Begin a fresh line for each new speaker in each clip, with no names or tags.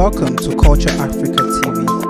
Welcome to Culture Africa TV.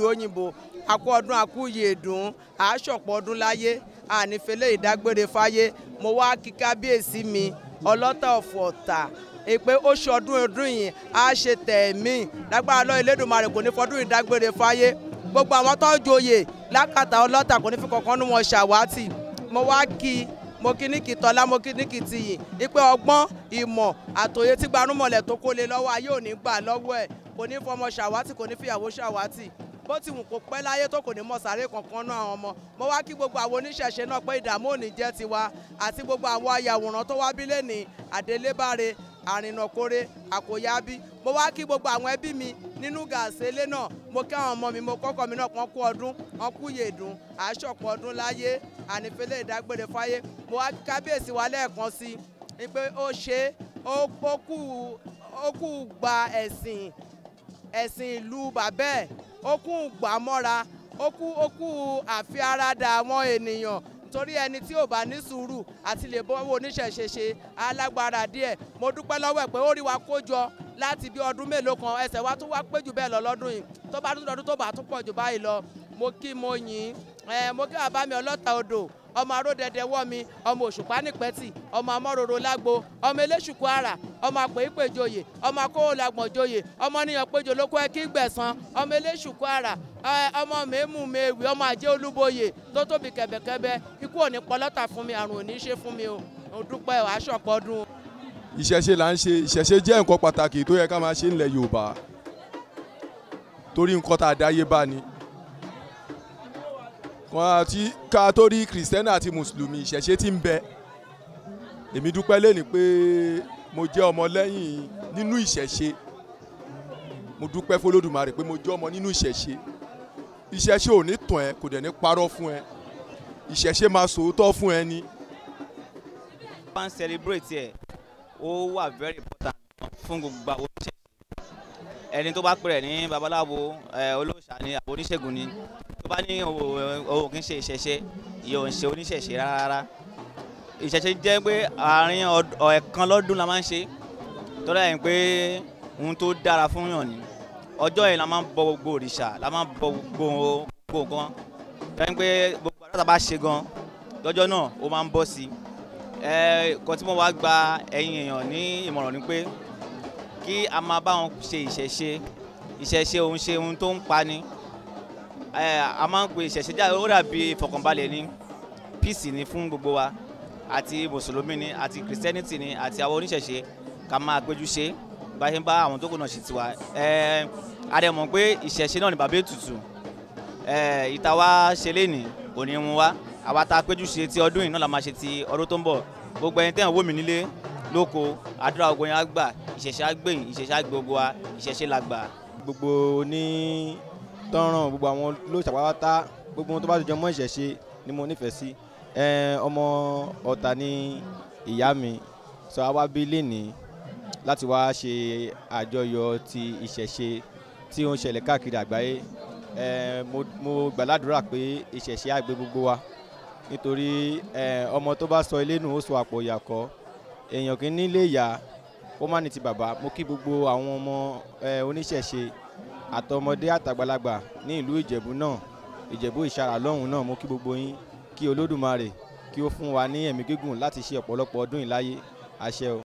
nílùú òyìnbó àkú ọdún àkú yìí èdùn àásọ̀pọ̀ ọdún láyé ànífẹ́lẹ́ ìdágbére fáyé mo wá kí kábíyèsí mi ọlọ́tà ọ̀fọ̀ ọ̀tà èpè oṣù ọdún ọdún yìí á ṣe tẹ̀mí lágbára lọ Elédùmarè kò ní fọdún ìdágbére fáyé gbogbo àwọn tó ń joyè lákàtà ọlọ́tà kò ní fi kankan nú wọn ṣàwátì mo wá kí i mo kí ní kí tọ́lá mo kí ní kí tiyìn ipe ọgbọ́n ìmọ̀ àtòye tí gbanúmọ̀lẹ̀ tó kólé lọ́wọ́ ayé ò gbà lọ́wọ́ ẹ̀ kò ní fọmọ ṣàwátì kò ní fìyàwó ṣàwátì bó ti wù kó pẹ́ láyé tó kò ní mọ sàárè kankan náà àwọn ọmọ mo wá kí gbogbo àwọn oníṣẹ̀ṣe náà pé ìdààmú òní jẹ́ tiwa àti gbogbo àwọn ayàwòrán tó wá bí lẹ́ni àdélébáre àrìnàkórè àkóyábí mo wá kí gbogbo àwọn ẹbí mi nínú gàásì ilé náà mo kí àwọn ọmọ mi mo kọ́kọ́ mi náà pọ́n kú ọdún wọn kú yèdùn àṣọ̀pọ̀ ọdún láyé ànífẹ́lẹ́ ìdágbére fáyé mo wá kábíyèsí wa lẹ́ẹ̀kan sí i pé ó ṣe ó kú gba ẹ̀sìn ẹ̀sìn ìlú bàbẹ́ ó kún gbàmọ́ra ó kú ó kú àfiaradà àwọn ènìyàn torí ẹni tí ò bá ní sùúrù àti lè bọ́wọ́ oníṣẹ̀ṣeṣe alágbára díẹ̀ mo dúpẹ́ lọ́wọ́ ẹ̀ pé ó rí wa kó jọ láti bí ọdún mélòó kan ẹsẹ̀ wa tún wá pé jù bẹ́ẹ̀ lọ lọ́dún yìí tó bá tún lọ́dún tó bá tún pọ̀ jù báyìí lọ mo kí mo yìn ín mo kí bàbá mi ọlọ́ta odò ọmọ aródẹdẹ wọmi ọmọ òṣùpá nípẹtì ọmọ amọroro lágbo ọmọ eléṣùkú ara ọmọ àpèyípèjoyè ọmọ akówólàgbọ̀njoyè ọmọ níyàn péjọ lóko ẹkí gbẹ̀san ọmọ eléṣùkú ara ọmọ mẹ́mú mẹ́wì ọmọ àjẹ olúboyè tó tóbi kẹ̀bẹ̀kẹ̀bẹ̀ ikú òní pọlọ́tà fún mi àrùn òní ṣe fún mi o òdúpẹ́ àṣọpọ̀ ọdún.
ìṣẹ̀ṣe là ń ṣe ìṣẹ̀ṣe jẹ́ nǹkan pàtàkì tó yẹ ká máa ṣe ńlẹ̀ Yorùbá torí nǹkan tá a dáyé bá ni kan àti kátólì kìrìsìtẹ́nì àti mùsùlùmí ìṣẹ̀ṣe tí ń bẹ èmi dúpẹ́ lẹ́ni pé mo jẹ́ ọmọ lẹ́yìn nínú ìṣẹ̀ṣe mo dúpẹ́ fọlọ́dùmarè pé mo jẹ́ ọmọ nínú ìṣẹ̀ṣe ìṣẹ̀ṣe ò ní tàn ẹ́ kò dẹ̀ ní parọ́ fún ẹ ìṣẹ̀ṣe máa sòótọ́ fún ẹ
ni. bá ń celebrate ẹ ó wà very important fún gbogbo àwọn oníṣègùn ẹni tó bá pèrè ní babaláwo olóòṣà ni àbóníṣègùn ni bá ní òun kì í ṣe ìṣẹ̀ṣe yóò ń ṣe oníṣẹ̀ṣe rárá ìṣẹ̀ṣe jẹ́ pé àárín ẹ̀kan lọ́dún la máa ń ṣe tọ́lá yẹn pé ohun tó dára fún yàn ni ọjọ́ yẹn la máa ń bọ gbogbo òrìṣà la máa ń bọ gbogbo nǹkan tọ́lá pé gbogbo àtàtà bá ṣe gan lọ́jọ́ náà ó máa ń bọ́ sí ẹ kan tí mo wá gba ẹ̀yin èèyàn ní ìmọ̀ràn ni pé kí a máa bá wọn ṣe ìṣẹ̀ṣe ìṣẹ̀ṣe òun ṣe ohun tó ń pa ni a máa ń pe ìṣẹ̀ṣẹ̀já ó dàbí ìfọ̀kànbalẹ̀ ni peace ni fún gbogbo wa àti mùsùlùmí ni àti christianity ni àti àwọn oníṣẹ̀ṣe ká máa péjú bá ṣe ń bá àwọn tó kù náà tiwa a pé ìṣẹ̀ṣe náà ni bàbá ètùtù ìta wa ṣe lénìí kò ní mú wa àwa tá a ti ọdún yìí náà la máa ṣe ti ọdún tó ń bọ̀ gbogbo ẹni tẹ́yàn wò mí nílé lóko àdúrà ogun yẹn á gbà ìṣẹ̀ṣe á gbẹ̀yìn ìṣẹ̀ṣe á gbogbo wa ìṣẹ̀ṣe làgbà
gbogbo ní tọ́ràn gbogbo àwọn olóòṣà pátá gbogbo wọn tó bá ti jọ mọ́ ìṣẹ̀ṣe ni mo nífẹ̀ẹ́ sí ọmọ ọ̀tà ni ìyá mi sọ àwa bí lénìí láti wá ṣe àjọyọ̀ ti ìṣẹ̀ṣe tí ó ń ṣẹlẹ̀ káàkiri àgbáyé mo gbàládùra pé ìṣẹ̀ṣe á gbé gbogbo wa nítorí ọmọ tó bá sọ ilé nù ó sọ àpò ìyàkọ́ èèyàn kì í nílé ìyá ó má ní ti bàbá mo kí gbogbo àwọn ọmọ oníṣẹ̀ṣe àtọmọdé àtàgbàlagbà ní ìlú ìjẹ̀bú náà ìjẹ̀bú ìṣarà lọ́hùn náà mo kí gbogbo yín kí olódùmarè kí ó fún wa ní ẹ̀mí gígùn láti ṣe ọ̀pọ̀lọpọ̀ ọdún ìláyé àṣẹ o.